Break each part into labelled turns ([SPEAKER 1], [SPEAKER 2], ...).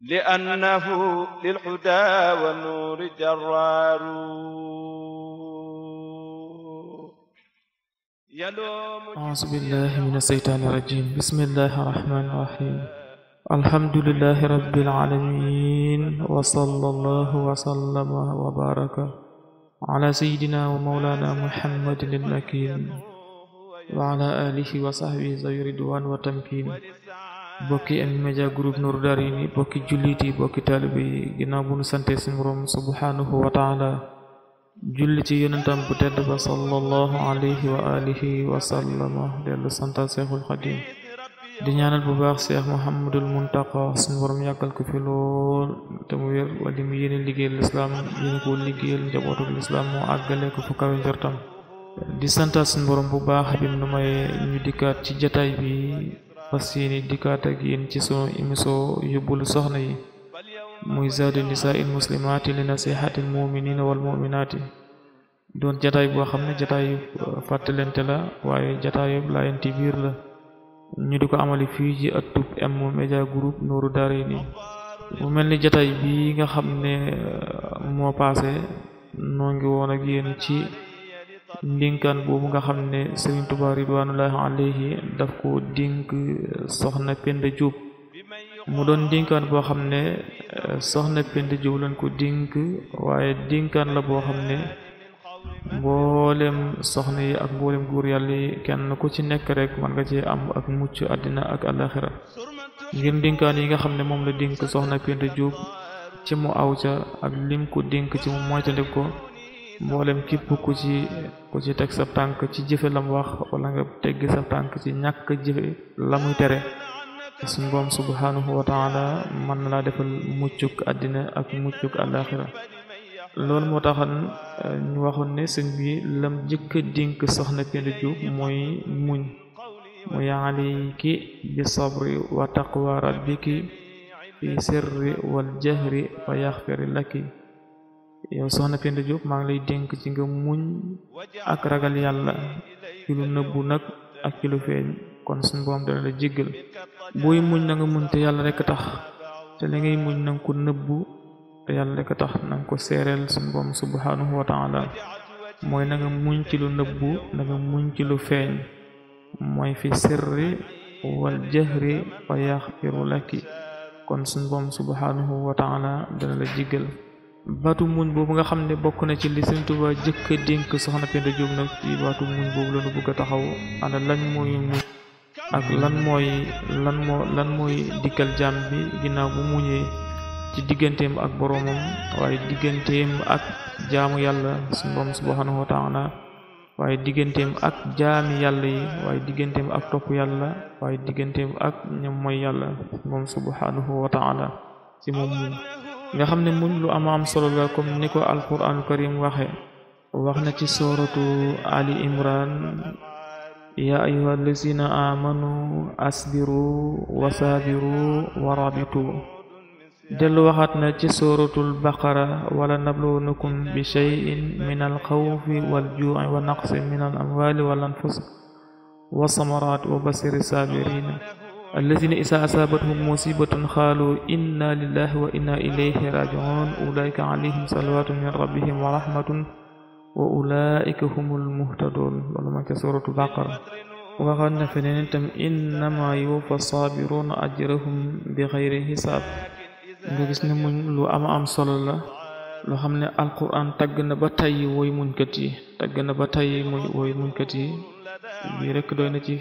[SPEAKER 1] لأنه للحدى والنور جرار أعوذ بالله من الشيطان الرجيم بسم الله الرحمن الرحيم الحمد لله رب العالمين وصلى الله وسلم وبارك على سيدنا ومولانا محمد المكين وعلى آله وصحبه ذوي الرضوان والتمكين bokki M Media Group Nour Darini bokki jullit yi bokki taalibe yi ginnaaw bu nu sante suñu Boroom subhaanahu wa taala julli ci yonentam bu tedd ba sallallahu alayhi wa alihi wa sallama dellu santa Seexul Xadim di ñaanal bu baax Seex Muhammadul Muntaqa suñu Boroom yàggal ko fi lool te mu wér wala mu yéene liggéeyal lislaam yéene ko liggéeyal njabootu lislaam moo àggale ko fu kawe di santa suñu Boroom bu baax bi nu may ñu ci jataay bi fas yéene dikkaat ak yéen ci sunu émission yóbbalu soxna yi muy zaadu nisaa il li nasihati al muminina wal muminaati doon jataay boo xam ne jataayu uh, fàttalente la waaye jataayu laayante biir la ñu di ko amali fi ci ëttub M Media Group Nourou Darayni mu mel ni bi nga xam ne uh, moo paase noo ngi woon ci ndinkaan boobu nga xam ne Sëriñ Tuubaa ridwanullahi léegi daf ko dénk uh, soxna Penda Jóob mu doon dénkaan boo xam ne uh, soxna Penda Jóob lañ ko dénk waaye dénkaan la boo xam ne mboolem soxna yi ak mboolem guur yàlla yi kenn ku ci nekk rek mën nga cee am ak mucc àddina ak àlaxira ngir ndénkaan yi nga xam ne moom la dénk soxna Penda Jóob ci mu aw ca ak lim ko dénk ci mu moytandi ko mboolem képp ku ci ku ci teg sa tànk ci jëfe lam wax wala nga teggi sa tànk ci ñàkk jëfe la muy tere suñ boom subhanahu wa taala man na laa defal muccuk àddina ak muccuk àllaaxira lool moo taxan euh, ñu waxoon ne sëñ bi lam jëkk dénk soxna Penda Jóob mooy muñ muy alayki bi sabri wa taqwa rabbiki fi sirri wal jahri fa yaxfir laki yow soxna Penda maa ngi lay dénk ci nga muñ ak ragal yàlla ci lu nëbbu nag ak ci lu feeñ kon suñu borom dana la jéggal booy muñ na nga muñ te yàlla rek tax te li ngay muñ na ko nëbbu te yàlla rek tax na ko seereel suñu borom subhanahu wa taala mooy na nga muñ fi sirri wal dana la jéggal baatu muñ boobu nga xam ne bokk na ci li Sëriñ Tuubaa jëkk a dénk soxna Penda Jóob nag ci baatu muñ boobu la ñu bëgg a taxaw ana lan mooy muñ ak lan mooy lan moo lan mooy dikkal jaam bi ginnaaw bu muñee ci digganteem ak boroomam waaye digganteem ak jaamu yàlla suñu Boroom subhaanahu wa taala waaye digganteem ak jaami yàlla yi waaye digganteem ak topp yàlla waaye digganteem ak ñoom mooy yàlla suñu Boroom subhaanahu wa taala ci moom muñ nga xam ne muñ lu am solo la comme ni ko alquran karim waxe wax na ci suratu ali imran ya ayuha allazina amanu asbiru wasaabiru warabitu dellu waxaat na ci suratul baqara wala nabluunukum bi shay'in min alxawfi waljuu'i wa naqsin min al amwali wal anfus wa samarat wa basiri saabirina الذين إذا أصابتهم مصيبة قالوا إنا لله وإنا إليه راجعون أولئك عليهم صلوات من ربهم ورحمة وأولئك هم المهتدون لما سورة البقرة waxoon na feneen itam bi xayri xisaab nga gis ne muñ lu am am solo la loo xam ne alquran tagg na ba tey woy muñkat yi tagg ba tey woy muñkat yi bii rekk doy na ci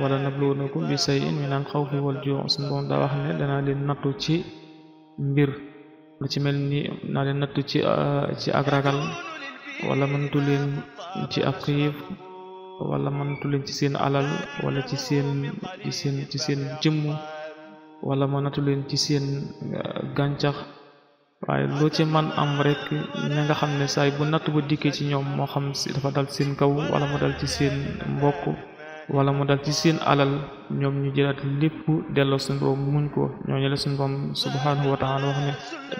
[SPEAKER 1] wala nabluwunakum bi shay'in min al xawfi wal juu' suñu borom daa wax ne danaa leen nattu ci mbir lu ci mel ni naa leen nattu ci ah, ci ak ragal wala mënatu leen ci ak wala mënatu ci seen alal wala ci seen ci seen ci seen jëmm wala mënatu leen ci seen ah, gàncax waaye loo ci man am rek ña nga xam ne saay bu natt ba dikkee ci ñoom moo xam dafa dal seen kaw wala moo dal ci seen mbokk wala mu dal ci seen alal ñoom ñu jëlaat lépp delloo suñu borom muñ ko ñooñu la suñu borom subhanahu wa taala wax ne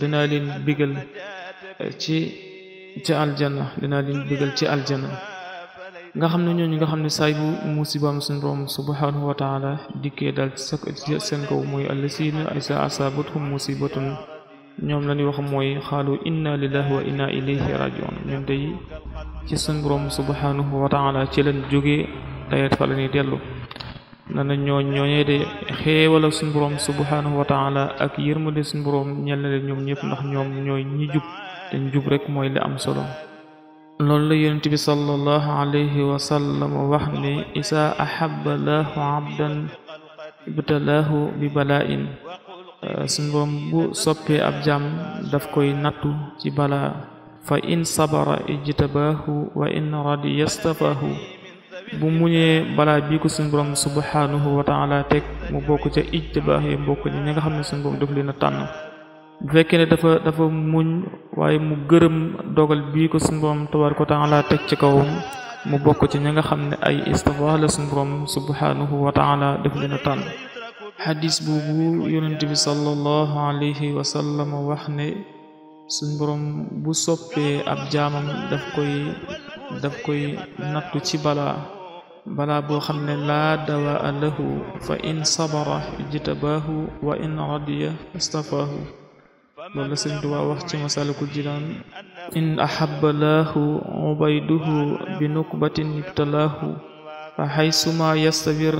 [SPEAKER 1] dinaa leen bigal eh, ci ci aljanna dinaa leen bigal ci aljanna nga xam ne ñooñu nga xam ne saay bu musibaam suñu borom subhanahu wa taala dikkee dal ci seen kaw mooy ay isa asaabathum musibatun ñoom la ñuy wax mooy xaalu inna lillahi wa inna ilayhi rajiun ñoom tey ci suñu borom subhanahu ci leen jógee dayet fa la ñuy dellu nana ñooñ ñooñee de xéewal ak suñu boroom subhanahu ak yërmande suñu boroom ñel na ñoom ñëpp ndax ñoom ñooy ñi jub te jub rek mooy li am solo loolu la yonent bi sallallahu alayhi wa sallam wax ne isaa ahabba laahu bi bala'in suñu boroom bu soppee ab jaam daf koy nattu ci balaa fa in sabara ijtabaahu wa in radiya stafaahu bu muñee balaa bii ko suñu borom subhanahu wa taala teg mu bokk ca ijtibaax yi bokk ñi ñi nga xam ne suñu borom daf leen a tànn bu fekkee ne dafa dafa muñ waaye mu gërëm dogal bii ko suñu borom tabaaraka wa taala teg ci kawam mu bokk ci ñi nga xam ne ay istiwaa la suñu borom subhanahu wa taala daf leen a tànn xadis boobu yonent bi sallallahu alayhi wa sallam wax ne suñ bu soppee ab jaamam daf koy daf koy nattu ci balaa balaa boo xam ne laa dawaa lahu fa in sabara ijtabaahu wa in radiya astafaahu la Sëriñ Tuubaa wax ci Masaalikul Jinaan in ahabba laahu ubayduhu bi nukbatin ibtalaahu fa xaysuma yastabir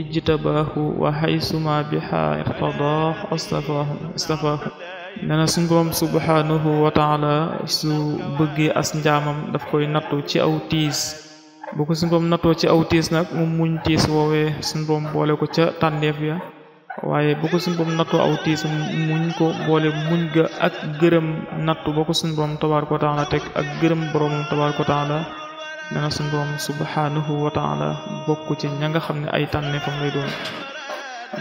[SPEAKER 1] ijtabaahu wa xaysuma biha irtadaa astafaahu astafaahu nee na subhaanahu wa taala su bëggee as njaamam daf koy nattu ci aw boo ko suñu borom nattoo ci aw tiis nag mu muñ tiis woowee suñu boole ko ca tànneef ya waaye bu ko suñu borom nattoo aw tiis muñ ko boole muñ ga ak gërëm nattu ba ko suñu borom tabaaraka wa taala teg ak gërëm boromam tabaaraka wa taala nee na suñu borom subhaanahu wa taala bokk ci ña nga xam ne ay tànneefam lay doon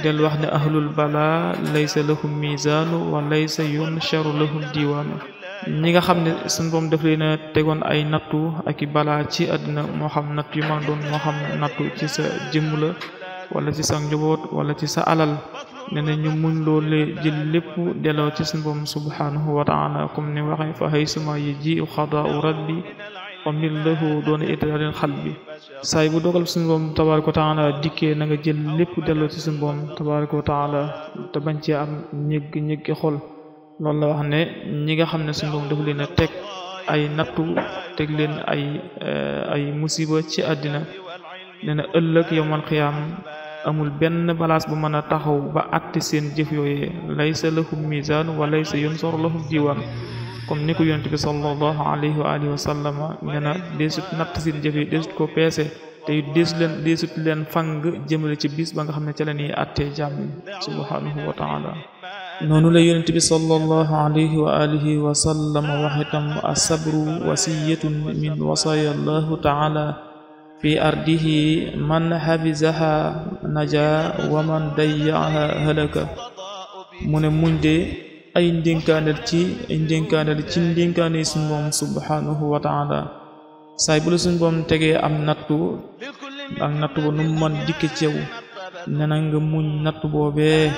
[SPEAKER 1] del wax ne ahlul bala laysa lahum mizaanu wa laysa yunsharu lahum diiwaanu ñi nga xam ne suñ boom def leen a tegoon ay nattu aki i balaa ci àddina moo xam natt yu mën doon moo xam nattu ci sa jëmm la wala ci sa njaboot wala ci sa alal nee na ñu muñ loole jël lépp delloo ci suñ boom subhanahu wa taala comme ni waxee fa haysuma yi ji u xadaau rabbi famil lahu doona itadalin xal bi saay bu dogal suñ boom tabaraka wa taala dikkee na nga jël lépp delloo ci suñ boom tabaraka wa taala te bañ cee am ñëgg ñëggi xol loolu la wax ne ñi nga xam ne suñu borom daf leen a teg ay nattu teg leen ay eh, ay musiba ci àddina nee na ëllëg yowmal xiyaam amul benn balaas bu mën a taxaw ba àtte seen jëf yooyee laysa lahum mizan wa laysa yunsar lahum jiwar comme ni ko yonent bi sallallahu alayhi wa alihi wa sallama nee na deesut natt seen jëf yi deesut ko peese te deesu leen fang jëmale ci bis ba nga xam ne ca la ñuy àttee jàmm subhanahu wa taala noonu la yonent bi sallallahu alayhi wa alihi wa sallam wax itam min wasaya allahu taala fi ardihi man hafizaha naja wa man dayyaha halaka mu ne muñ de ay ndénkaanel ci ndénkaanel ci ndénkaane suñ boom subhanahu wa taala saay am nattu ak nattu ba nu mu mën dikk cew nena nga nattu boobee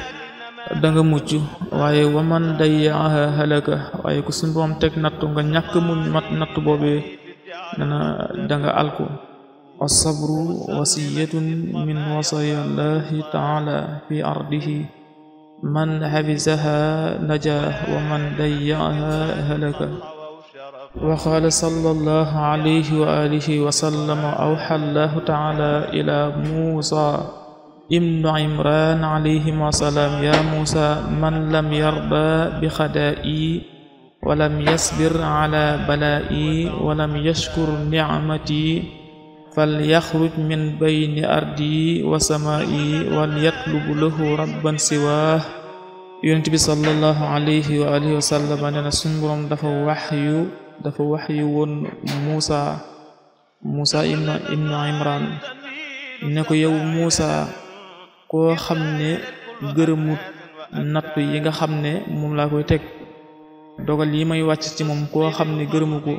[SPEAKER 1] danga mucc waaye waman dayaaha halaka waaye ku suñ boom teg nattu nga ñàkk muñ mat natt nana danga alku alsabru wasiyatun min wasaya llahi taala fi ardihi man xafisaha naja wa man dayaaha halaka wa qaala sallallahu alayhi wa alihi wa sallama awxa taala ila muusa ibnu imran alayhima salaam ya muusa man lam yarda bi xadaa'i wa lam yasbir ala balaa'i wa lam yashkur nicmati falyaxruj min bayni ardi wa samaa'i wal yatlubu lahu rabban siwaah yonent bi sallallahu alayhi wa alihi wa sallam nee na suñ boroom dafa waxyu dafa waxyu woon muusa muusa ibnu imran ne ko yow muusa koo xam ne gërëmu nattu yi nga xam ne moom laa koy teg dogal yi may wàcc ci moom koo xam ne gërëmu ko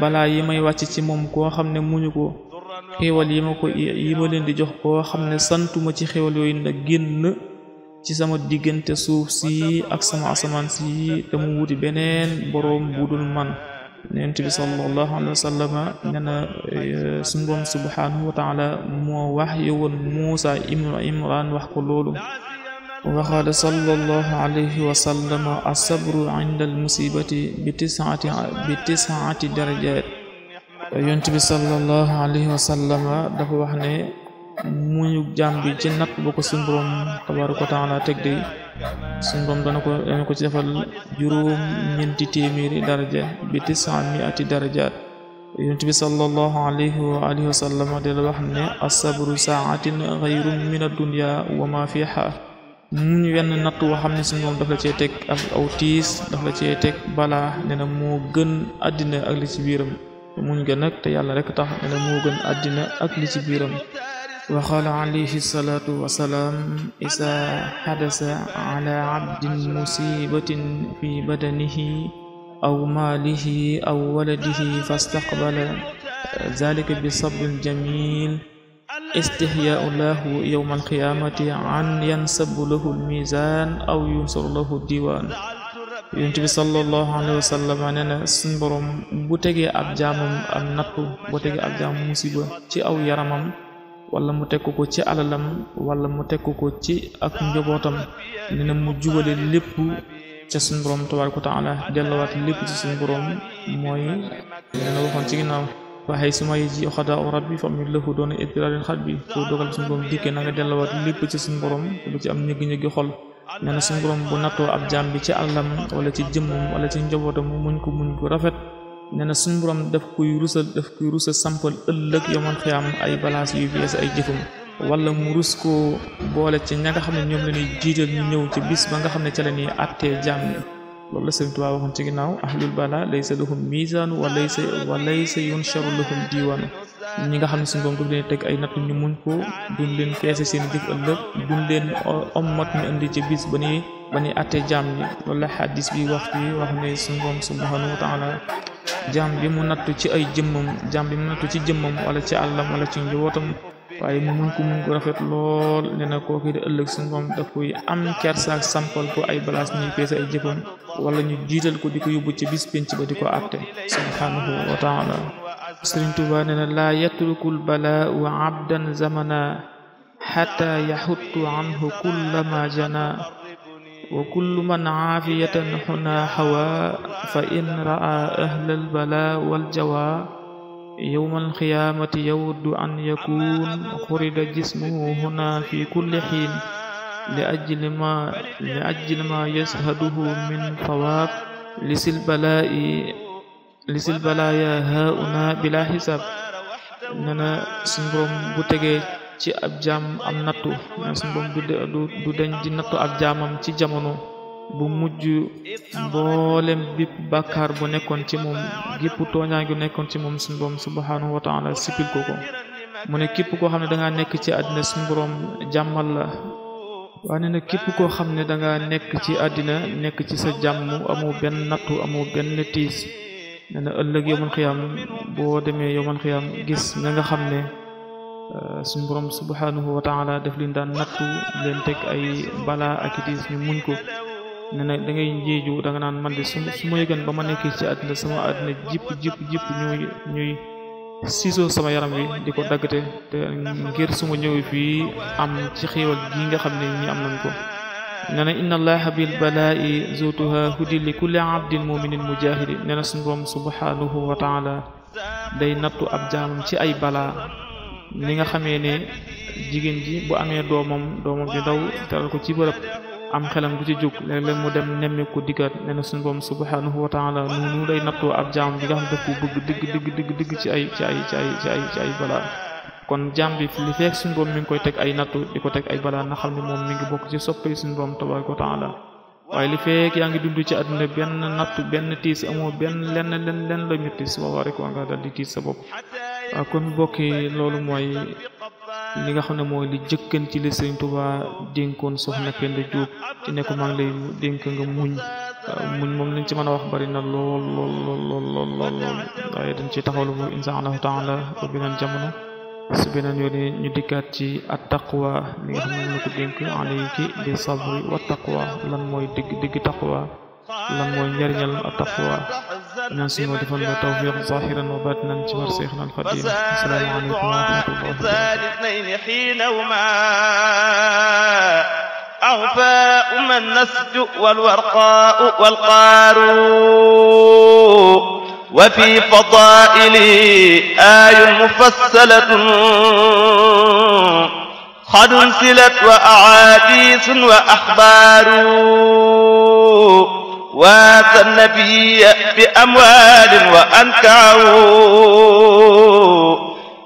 [SPEAKER 1] balaa yi may wàcc ci moom koo xam ne muñu ko xéewal yi ma ko yi ma leen di jox koo xam ne santuma ci xéewal yooyu nag génn ci sama diggante suuf si ak sama asamaan si te mu wuti beneen boroom dul man Yonent bi sallallahu alayhi wa sallam nee na eh, suñu subhaanahu wa taala moo wax yowoon Muusaa ibnu Imraan wax ko loolu waxaale sallallahu alayhi wa sallam asabru inda al musibati bi tisaati bi tisaati darajaat Yonent bi sallallahu alayhi wa sallam wax ne muñu jaam bi ci natt ba ko suñ borom tabaaraka wa teg de suñ dana ko dana ko ci defal juróom ñeenti téeméeri daraja bi tisaami ati darajaat yonent bi sallallahu alayhi wa alihi wa sallam del woo xam ne suñ borom cee teg ak aw tiis daf la cee teg balaa ne na moo gën àddina ak li ci biiram muñ ga nag te yàlla rek tax ne na moo gën àddina ak lii ci biiram وقال عليه الصلاة والسلام إذا حدث على عبد مصيبة في بدنه أو ماله أو ولده فاستقبل ذلك بصبر جميل استحياء له يوم القيامة عن ينسب له الميزان أو ينصر له الديوان yonent bi sallallahu alayhi wa sallam nee na suñ borom bu tegee ab jaamam am nattu bu tegee ab jaamam musiba ci aw yaramam wala mu teg ko ci alalam wala mu teg ko ci ak njobootam dina mu jubale lépp ca suñu borom tabaaraka wa taala delluwaat lépp ci suñu borom mooy dina waxoon ci ginnaaw waxee o bi foo dogal suñu borom dikkee na nga lépp ci suñu borom bu ci am ñëggi-ñëggi xol nee na suñu borom bu nattoo ab jaam bi ci alalam wala ci jëmmam wala ci njobootam muñ ko muñ ko rafet nee na suñu borom daf koy rusal daf koy rusal sampal ëllëg yoman xiyaam ay balance yu bees ay jëfam wala mu rus koo boole ci ña nga xam ne ñoom la ñuy jiital ñu ñëw ci bis ba nga xam ne ca la ñuy àttee jàmm loolu la Sëriñ Tuubaa waxoon ci ginnaaw ahlul bala laysa lahum miisaan wa laysa wa laysa yunsharu lahum diiwaanu ñi nga xam ne suñu teg ay natt ñu muñ ko duñ leen feese seen jëf ëllëg duñ leen ommat ñu indi ci bis ba ñuy ba ñuy àttee jàmm ñi loolu la xaddis bi wax bi wax ne suñu borom subhaanahu wa jaam bi mu nattu ci ay jëmmam jaam bi mu nattu ci jëmmam wala ci àllam wala ci njabootam waaye mu muñ ko muñ ko rafet lool nee na kooku de ëllëg suñu moom am kersaak sampal ko ay balaas ñuy peese ay jëfam wala ñu jiital ko di ko yóbbu ci bis penc ba di ko àtte subhanahu wa taala Sëriñ Tuubaa nee laa yatrukul balaa wa abdan zamana xata yaxuttu anhu kullama jana wa kullu man aafiyatan xuna xawa fa in raa ahla albala waljawa yowma alqiyaamati yawaddu an yakun xurida jismuhu huna fi kulli xiin li ajli ma li ajli ma yashaduhu min fawaab lisil balaa'i lisil balaaya hauna bila xisaab nee na suñ borom bu tegee ci ab jaam am nattu ne du du di nattu ab jaamam ci jamono bu mujj mboolem bépp bàkkaar bu nekkoon ci moom gépp tooñaa gu nekkoon ci moom suñu borom subhanahu wa taala ko ko mu ne képp koo xam ne dangaa nekk ci àddina suñu borom jàmmal la ne na képp koo xam ne dangaa nekk ci àddina nekk ci sa jàmm amu benn nattu amu benn tiis nee ëllëg yoman xiyam boo demee yoman xiyam gis ña nga xam ne Euh, suñu borom subhanahu wa taala def leen daan nattu leen teg ay balaa ak itis ñu muñ ko ne da ngay njeeju da naan man de su su ma yëgan ba ma nekkee ci àddina sama àddina jipp jipp jipp ñuy ñuy siisoo sama yaram wi di ko daggate te ngir suma ñëwee fii am ci xéewal gi nga xam ne ñi am nañ ko nee na inna allaha bil balaa'i zutuha hudi li kulli abdin muminin mujahidi nee na suñu borom subhanahu wa taala day nattu ab jaamam ci ay balaa ni nga xamee ne jigéen ji boo amee doomam doomam di daw teral ko ci bërëb am xelam du ci jóg léeg mu dem nemmi ko diggaat nee na suñu boom subhanahu wa taala noonu lay nattoo ab jaam bi nga xam daf ko bëgg digg digg digg digg ci ay ay ay ci ay ci ay balaa kon jaam bi li boom mi ngi koy teg ay nattu di ko teg ay balaa na xam moom mi ngi bokk ci soppee suñu boom tabaraka wa taala waaye li fekk yaa ngi dund ci àdduna benn nattu benn tiis amoo benn lenn lenn lenn la ñu tiis su ma waree di tiis sa bopp waaw ah, kon mbokk yi loolu mooy li nga xam ne mooy li jëkkan ci li Sëriñ dénkoon soxna Penda Diop ci ne ko maa ngi lay dénk nga muñ ah, muñ moom lañ ci mën a wax bari na lool lool lool lool waaye dañ ci taxawlu moom insha allahu taala ba beneen jamono su beneen yoon ñu dikkaat ci at taqwa li nga xam ne ñu ko dénk alayki bi sabri wa taqwa lan mooy digg digg taqwa lan mooy njariñal at taqwa ناسي ودفن بالتوفيق ظاهرا وباطنا جوار شيخنا القديم السلام عليكم ورحمة الله وبركاته حينهما أغفاء ما النسج والورقاء والقار وفي فضائل آي مفصلة قد انسلت وأحاديث وأخبار waata nabiya bi amwaalin wa ankaaru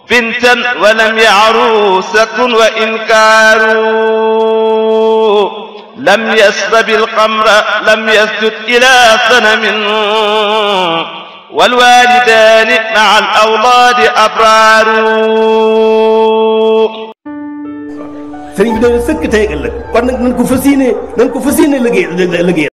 [SPEAKER 1] bintan walam yaaru sakun wa inkaaru lam yastabil xamra lam yasjud ila sanamin walwalidaani maa al awlaadi abraaru. sëriñ bi de sëkk tey ëllëg war nañ ko fas yéene nañ ko fas yéene liggéey liggéey